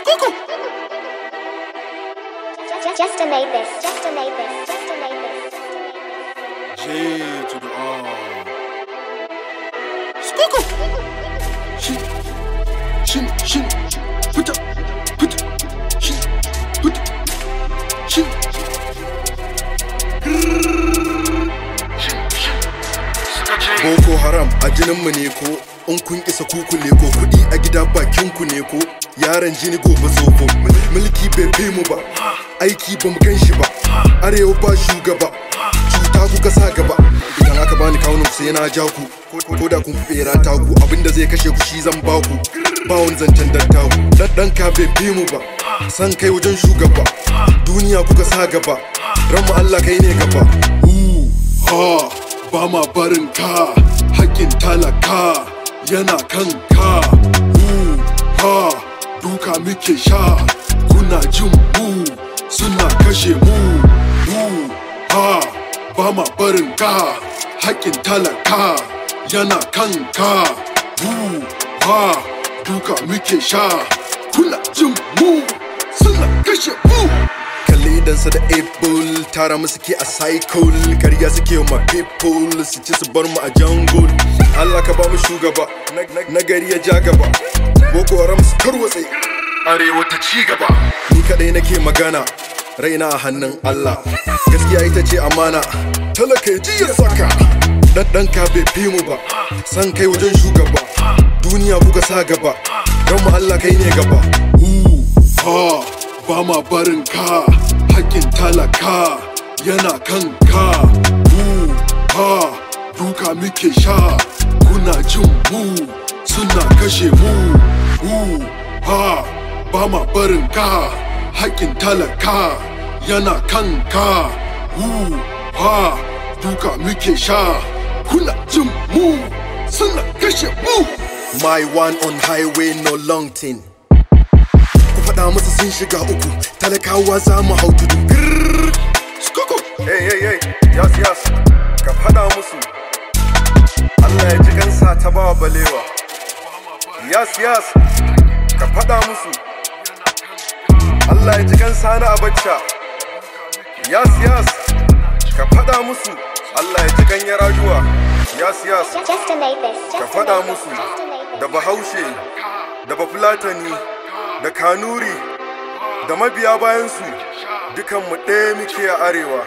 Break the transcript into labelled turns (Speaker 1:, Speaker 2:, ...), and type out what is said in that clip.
Speaker 1: Squiggle. Just, a made this. Just made this. Just made this. J to the R. put up, put, put, a jininmu ne ko in kun isa kuku ne ko kuɗi a gida ku ne ko yaran jini gobe zofo mulki bai fi mu ba aiki ba mu gan shi ba arewa ba shugaba cuta kuka sa gaba idan aka bani kawunan ku sai na ja ku ko da kun fera taku abinda zai kashe ku shi zan ba ku ba wani zancen ku dan ka bai fi mu ba san kai wajen shugaba duniya kuka sa gaba ran mu Allah kai ne gaba ha ba ma barin ka haƙƙin talaka yana kanka hu ha duka muke sha kuna jin mu suna kashe mu hu ha ba ma barin ka haƙƙin talaka yana kanka hu ha duka muke sha kuna jin mu dansa da apple tara mu suke a cycle karya suke ma people su ci su bar mu a jungle Allah ka ba mu shugaba na gari ya ja gaba boko haram su tarwatse arewa ta ci gaba ni kadai nake magana raina a hannun Allah gaskiya ita ce amana talaka ji ya saka dan ka bai fi mu ba san kai wajen shugaba duniya kuka sa gaba don mu Allah kai ne gaba ha ba ma barin ka hakkin talaka yana kanka bu ha duka muke sha kuna jin mu suna kashe mu bu ha ba ma barin ka hakin talaka yana kanka bu ha duka muke sha kuna jin mu suna kashe mu my one on highway no long thing faɗa masa sun shiga uku talakawa za mu hau tudu skoko hey hey hey yas yas ka fada musu Allah ya ji gansa ta ba balewa yas yas ka fada musu Allah ya ji gansa na abacha yas yas ka fada musu Allah ya ji kan rajuwa yas yas ka fada musu da bahaushe da bafulatani da kanuri da mabiya bayansu dukanmu ɗaya muke a arewa